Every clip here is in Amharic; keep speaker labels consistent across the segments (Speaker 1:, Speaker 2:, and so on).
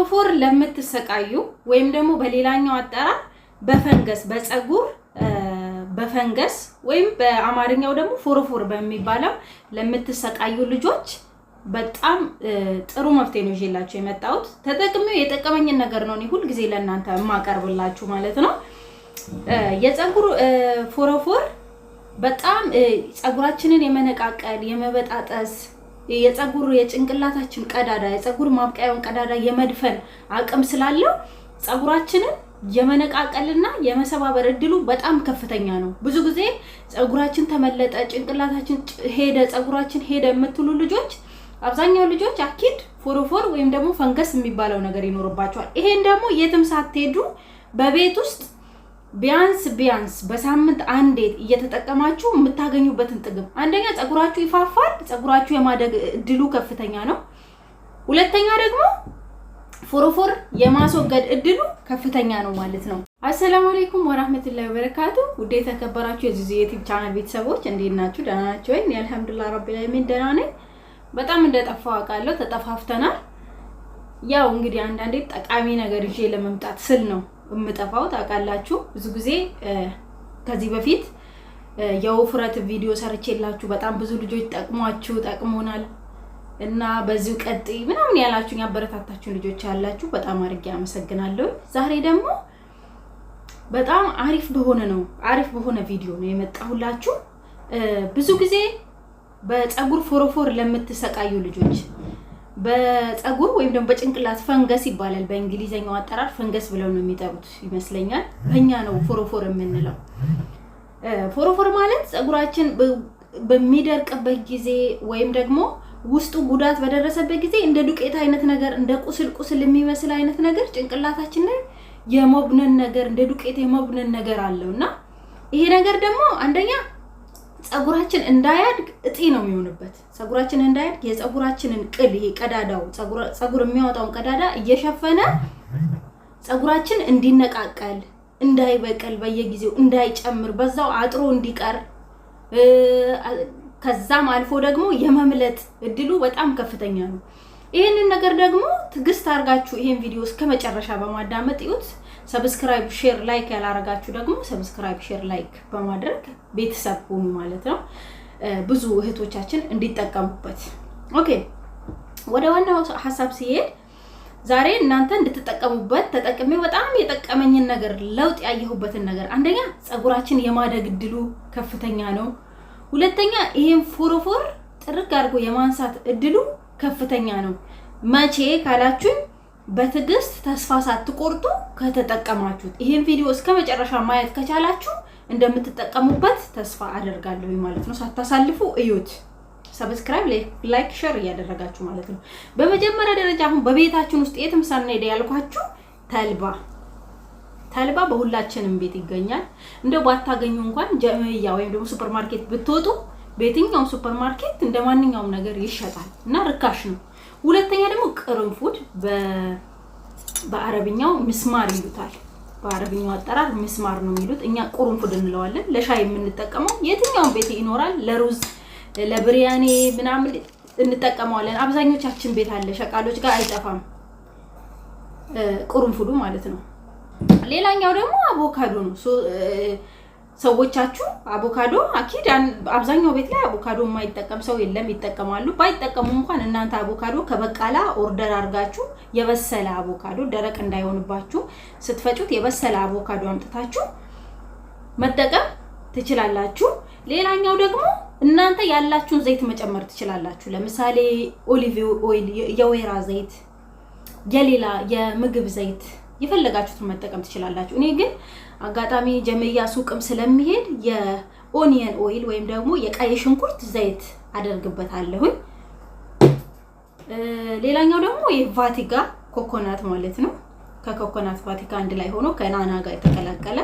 Speaker 1: ክሎሮፎር ለምትሰቃዩ ወይም ደግሞ በሌላኛው አጠራር በፈንገስ በፀጉር በፈንገስ ወይም በአማርኛው ደግሞ ፎሮፎር በሚባለው ለምትሰቃዩ ልጆች በጣም ጥሩ መፍትሄ ነው ይዤላችሁ የመጣሁት። ተጠቅሜው የጠቀመኝን ነገር ነው እኔ ሁልጊዜ ለእናንተ የማቀርብላችሁ ማለት ነው። የፀጉር ፎሮፎር በጣም ፀጉራችንን የመነቃቀል የመበጣጠስ የፀጉር የጭንቅላታችን ቀዳዳ የፀጉር ማብቀያውን ቀዳዳ የመድፈን አቅም ስላለው ፀጉራችንን የመነቃቀልና የመሰባበር እድሉ በጣም ከፍተኛ ነው። ብዙ ጊዜ ፀጉራችን ተመለጠ፣ ጭንቅላታችን ሄደ፣ ፀጉራችን ሄደ የምትሉ ልጆች አብዛኛው ልጆች አኪድ ፎሮፎር ወይም ደግሞ ፈንገስ የሚባለው ነገር ይኖርባቸዋል። ይሄን ደግሞ የትም ሳትሄዱ በቤት ውስጥ ቢያንስ ቢያንስ በሳምንት አንዴ እየተጠቀማችሁ የምታገኙበትን ጥቅም አንደኛ ፀጉራችሁ ይፋፋል፣ ፀጉራችሁ የማደግ እድሉ ከፍተኛ ነው። ሁለተኛ ደግሞ ፎሮፎር የማስወገድ እድሉ ከፍተኛ ነው ማለት ነው። አሰላሙ አለይኩም ወራህመቱላሂ ወበረካቱ። ውድ የተከበራችሁ የዚህ ዩቲዩብ ቻናል ቤተሰቦች እንዴት ናችሁ? ደህና ናችሁ ወይ? አልሐምዱሊላህ ረቢል ዓለሚን ደህና ነኝ። በጣም እንደጠፋው አውቃለሁ፣ ተጠፋፍተናል። ያው እንግዲህ አንዳንዴ ጠቃሚ ነገር ይዤ ለመምጣት ስል ነው የምጠፋው ታውቃላችሁ። ብዙ ጊዜ ከዚህ በፊት የውፍረት ቪዲዮ ሰርቼላችሁ በጣም ብዙ ልጆች ጠቅሟችሁ ጠቅሞናል እና በዚሁ ቀጥ ምናምን ያላችሁ ያበረታታችሁን ልጆች ያላችሁ በጣም አድርጌ አመሰግናለሁ። ዛሬ ደግሞ በጣም አሪፍ በሆነ ነው አሪፍ በሆነ ቪዲዮ ነው የመጣሁላችሁ ብዙ ጊዜ በፀጉር ፎረፎር ለምትሰቃዩ ልጆች በፀጉር ወይም ደግሞ በጭንቅላት ፈንገስ ይባላል። በእንግሊዘኛው አጠራር ፈንገስ ብለው ነው የሚጠሩት ይመስለኛል። በእኛ ነው ፎሮፎር የምንለው። ፎሮፎር ማለት ፀጉራችን በሚደርቅበት ጊዜ ወይም ደግሞ ውስጡ ጉዳት በደረሰበት ጊዜ እንደ ዱቄት አይነት ነገር እንደ ቁስል ቁስል የሚመስል አይነት ነገር ጭንቅላታችን ላይ የመብነን ነገር እንደ ዱቄት የመብነን ነገር አለው እና ይሄ ነገር ደግሞ አንደኛ ፀጉራችን እንዳያድግ እጢ ነው የሚሆንበት። ፀጉራችን እንዳያድግ የፀጉራችንን ቅል ይሄ ቀዳዳው ፀጉር የሚያወጣውን ቀዳዳ እየሸፈነ ፀጉራችን እንዲነቃቀል እንዳይበቅል በየጊዜው እንዳይጨምር በዛው አጥሮ እንዲቀር ከዛም አልፎ ደግሞ የመምለጥ እድሉ በጣም ከፍተኛ ነው። ይህንን ነገር ደግሞ ትዕግስት አድርጋችሁ ይሄን ቪዲዮ እስከ መጨረሻ በማዳመጥ ይዩት። ሰብስክራይብ፣ ሼር፣ ላይክ ያላረጋችሁ ደግሞ ሰብስክራይብ፣ ሼር፣ ላይክ በማድረግ ቤተሰብ ሁኑ ማለት ነው። ብዙ እህቶቻችን እንዲጠቀሙበት። ኦኬ ወደ ዋናው ሀሳብ ሲሄድ ዛሬ እናንተ እንድትጠቀሙበት ተጠቅሜ በጣም የጠቀመኝን ነገር ለውጥ ያየሁበትን ነገር፣ አንደኛ ፀጉራችን የማደግ እድሉ ከፍተኛ ነው። ሁለተኛ ይሄን ፎሮፎር ጥርግ አድርጎ የማንሳት እድሉ ከፍተኛ ነው። መቼ ካላችሁኝ በትዕግስት ተስፋ ሳትቆርጡ ከተጠቀማችሁት ይህን ቪዲዮ እስከ መጨረሻ ማየት ከቻላችሁ እንደምትጠቀሙበት ተስፋ አደርጋለሁ ማለት ነው። ሳታሳልፉ እዩት። ሰብስክራይብ፣ ላይክ፣ ሸር እያደረጋችሁ ማለት ነው። በመጀመሪያ ደረጃ አሁን በቤታችን ውስጥ የትም ሳንሄድ ያልኳችሁ ተልባ ተልባ በሁላችንም ቤት ይገኛል። እንደው ባታገኙ እንኳን ጀምያ ወይም ደግሞ ሱፐር ማርኬት ብትወጡ በየትኛውም ሱፐር ማርኬት እንደ ማንኛውም ነገር ይሸጣል እና ርካሽ ነው። ሁለተኛ ደግሞ ቅርንፉድ በአረብኛው ምስማር ይሉታል። በአረብኛው አጠራር ምስማር ነው የሚሉት። እኛ ቁርንፉድ እንለዋለን። ለሻይ የምንጠቀመው የትኛውን ቤት ይኖራል። ለሩዝ ለብሪያኔ ምናምን እንጠቀመዋለን። አብዛኞቻችን ቤት አለ። ሸቃሎች ጋር አይጠፋም ቁርንፉዱ ማለት ነው። ሌላኛው ደግሞ አቮካዶ ነው። ሰዎቻችሁ አቮካዶ አኪድ አብዛኛው ቤት ላይ አቮካዶ የማይጠቀም ሰው የለም፣ ይጠቀማሉ። ባይጠቀሙ እንኳን እናንተ አቮካዶ ከበቃላ ኦርደር አድርጋችሁ የበሰለ አቮካዶ ደረቅ እንዳይሆንባችሁ ስትፈጩት የበሰለ አቮካዶ አምጥታችሁ መጠቀም ትችላላችሁ። ሌላኛው ደግሞ እናንተ ያላችሁን ዘይት መጨመር ትችላላችሁ። ለምሳሌ ኦሊቭ ኦይል፣ የወይራ ዘይት፣ የሌላ የምግብ ዘይት የፈለጋችሁትን መጠቀም ትችላላችሁ። እኔ ግን አጋጣሚ ጀመያ ሱቅም ስለሚሄድ የኦኒየን ኦይል ወይም ደግሞ የቀይ ሽንኩርት ዘይት አደርግበታለሁኝ። ሌላኛው ደግሞ የቫቲጋ ኮኮናት ማለት ነው። ከኮኮናት ቫቲጋ አንድ ላይ ሆኖ ከናና ጋር የተቀላቀለ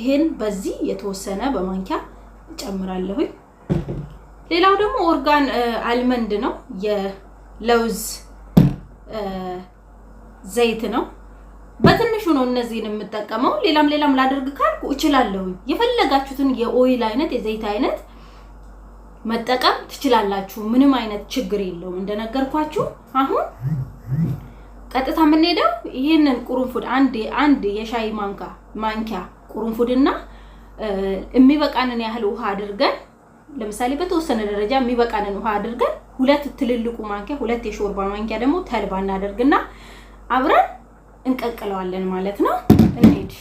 Speaker 1: ይሄን በዚህ የተወሰነ በማንኪያ እጨምራለሁኝ። ሌላው ደግሞ ኦርጋን አልመንድ ነው። የለውዝ ዘይት ነው በትን ነው እነዚህን የምጠቀመው። ሌላም ሌላም ላደርግ ካልኩ እችላለሁ። የፈለጋችሁትን የኦይል አይነት የዘይት አይነት መጠቀም ትችላላችሁ። ምንም አይነት ችግር የለውም። እንደነገርኳችሁ አሁን ቀጥታ የምንሄደው ይህንን ቁርንፉድ አንድ አንድ የሻይ ማንካ ማንኪያ ቁርንፉድና የሚበቃንን ያህል ውሃ አድርገን ለምሳሌ በተወሰነ ደረጃ የሚበቃንን ውሃ አድርገን ሁለት ትልልቁ ማንኪያ ሁለት የሾርባ ማንኪያ ደግሞ ተልባ እናደርግና አብረን እንቀቅለዋለን ማለት ነው። እንሂድ።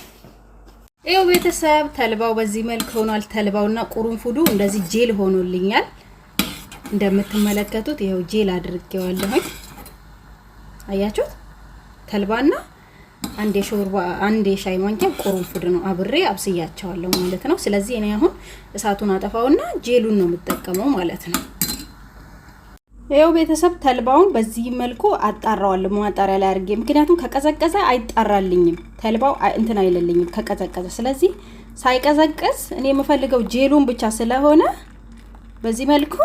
Speaker 1: ይው ቤተሰብ ተልባው በዚህ መልክ ሆኗል። ተልባውና ቁሩንፉዱ እንደዚህ ጄል ሆኖልኛል። እንደምትመለከቱት ይኸው ጄል አድርጌዋለሁኝ። አያችሁት? ተልባና አንድ የሾርባ አንድ የሻይ ማንኪያ ቁሩንፉድ ነው አብሬ አብስያቸዋለሁ ማለት ነው። ስለዚህ እኔ አሁን እሳቱን አጠፋውና ጄሉን ነው የምጠቀመው ማለት ነው። ይኸው ቤተሰብ ተልባውን በዚህ መልኩ አጣራዋለሁ ማጣሪያ ላይ አድርጌ። ምክንያቱም ከቀዘቀዘ አይጣራልኝም ተልባው እንትን አይለልኝም ከቀዘቀዘ። ስለዚህ ሳይቀዘቅዝ እኔ የምፈልገው ጄሉን ብቻ ስለሆነ በዚህ መልኩ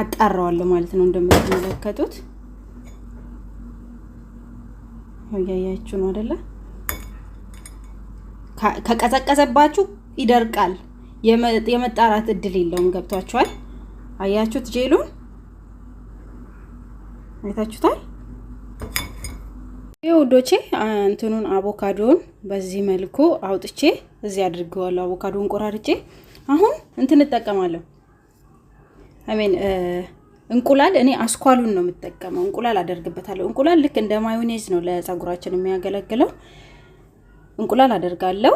Speaker 1: አጣራዋለሁ ማለት ነው። እንደምትመለከቱት እያያችሁ ነው አይደለ? ከቀዘቀዘባችሁ ይደርቃል፣ የመጣራት እድል የለውም። ገብቷችኋል? አያችሁት? ጄሉን አይታችሁታል? ይሄ ውዶቼ እንትኑን አቮካዶን በዚህ መልኩ አውጥቼ እዚህ አድርገዋለሁ። አቮካዶን ቆራርጬ አሁን እንትን እጠቀማለሁ። አሜን እንቁላል እኔ አስኳሉን ነው የምጠቀመው። እንቁላል አደርግበታለሁ። እንቁላል ልክ እንደ ማዮኔዝ ነው ለጸጉራችን የሚያገለግለው። እንቁላል አደርጋለሁ።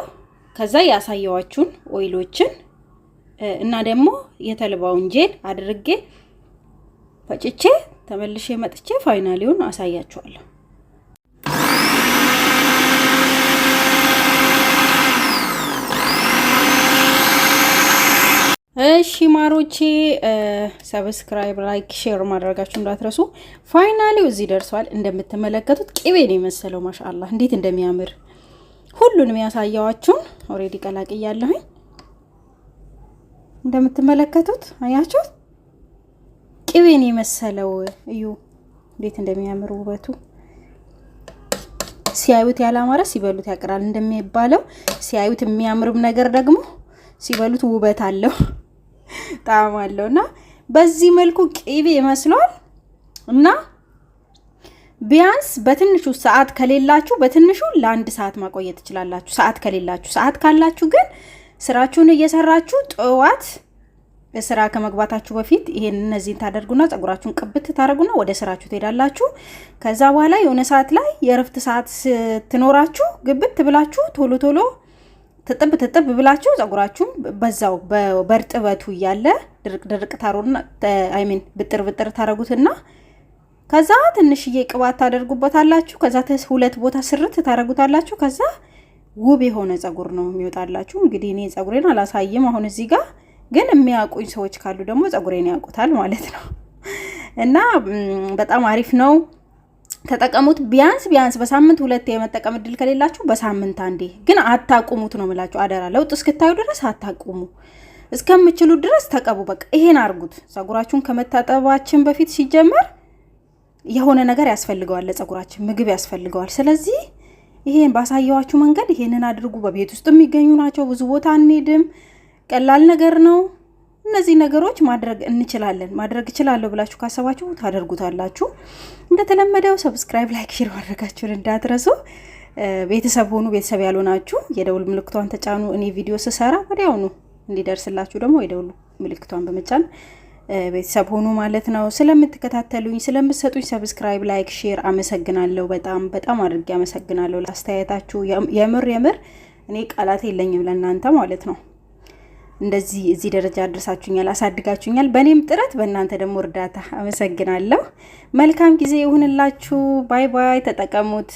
Speaker 1: ከዛ ያሳየዋችሁን ኦይሎችን እና ደግሞ የተልባውን ጄል አድርጌ ፈጭቼ ተመልሼ መጥቼ ፋይናሊውን አሳያችኋለሁ። እሺ ማሮቼ፣ ሰብስክራይብ፣ ላይክ፣ ሼር ማድረጋችሁ እንዳትረሱ። ፋይናሊው እዚህ ደርሷል። እንደምትመለከቱት ቅቤ ነው የመሰለው። ማሻአላህ እንዴት እንደሚያምር ሁሉንም ያሳየዋችሁን ኦሬዲ ቀላቅያለሁኝ። እንደምትመለከቱት አያችሁት ቅቤን የመሰለው እዩ እንዴት እንደሚያምር ውበቱ ሲያዩት ያላማረ ሲበሉት ያቅራል እንደሚባለው ሲያዩት የሚያምርም ነገር ደግሞ ሲበሉት ውበት አለው ጣዕም አለው እና በዚህ መልኩ ቅቤ ይመስሏል እና ቢያንስ በትንሹ ሰዓት ከሌላችሁ በትንሹ ለአንድ ሰዓት ማቆየት ትችላላችሁ። ሰዓት ከሌላችሁ ሰዓት ካላችሁ ግን ስራችሁን እየሰራችሁ ጠዋት ስራ ከመግባታችሁ በፊት ይሄን እነዚህን ታደርጉና ጸጉራችሁን ቅብት ታደርጉና ወደ ስራችሁ ትሄዳላችሁ። ከዛ በኋላ የሆነ ሰዓት ላይ የእረፍት ሰዓት ስትኖራችሁ ግብት ብላችሁ ቶሎ ቶሎ ትጥብ ትጥብ ብላችሁ ጸጉራችሁን በዛው በእርጥበቱ እያለ ድርቅ ድርቅ ታሮና አይሚን ብጥር ብጥር ታደረጉትና ከዛ ትንሽዬ ቅባት ታደርጉበታላችሁ። ከዛ ሁለት ቦታ ስርት ታደረጉታላችሁ። ከዛ ውብ የሆነ ጸጉር ነው የሚወጣላችሁ። እንግዲህ እኔ ጸጉሬን አላሳይም አሁን እዚህ ጋር ግን የሚያውቁኝ ሰዎች ካሉ ደግሞ ጸጉሬን ያውቁታል ማለት ነው። እና በጣም አሪፍ ነው፣ ተጠቀሙት። ቢያንስ ቢያንስ በሳምንት ሁለቴ የመጠቀም እድል ከሌላችሁ በሳምንት አንዴ፣ ግን አታቁሙት ነው የምላችሁ። አደራ ለውጥ እስክታዩ ድረስ አታቁሙ። እስከምችሉ ድረስ ተቀቡ። በቃ ይሄን አርጉት። ጸጉራችሁን ከመታጠባችን በፊት ሲጀመር የሆነ ነገር ያስፈልገዋል ለጸጉራችን ምግብ ያስፈልገዋል። ስለዚህ ይሄን ባሳየዋችሁ መንገድ ይሄንን አድርጉ። በቤት ውስጥ የሚገኙ ናቸው። ብዙ ቦታ አንሄድም። ቀላል ነገር ነው። እነዚህ ነገሮች ማድረግ እንችላለን። ማድረግ እችላለሁ ብላችሁ ካሰባችሁ ታደርጉታላችሁ። እንደተለመደው ሰብስክራይብ፣ ላይክ፣ ሼር ማድረጋችሁን እንዳትረሱ። ቤተሰብ ሆኑ። ቤተሰብ ያልሆናችሁ የደውል ምልክቷን ተጫኑ። እኔ ቪዲዮ ስሰራ ወዲያውኑ እንዲደርስላችሁ ደግሞ የደውል ምልክቷን በመጫን ቤተሰብ ሆኑ ማለት ነው። ስለምትከታተሉኝ፣ ስለምትሰጡኝ ሰብስክራይብ፣ ላይክ፣ ሼር አመሰግናለሁ። በጣም በጣም አድርጌ አመሰግናለሁ ለአስተያየታችሁ። የምር የምር እኔ ቃላት የለኝም ለእናንተ ማለት ነው። እንደዚህ እዚህ ደረጃ አድርሳችሁኛል፣ አሳድጋችሁኛል። በእኔም ጥረት በእናንተ ደግሞ እርዳታ አመሰግናለሁ። መልካም ጊዜ ይሁንላችሁ። ባይ ባይ። ተጠቀሙት።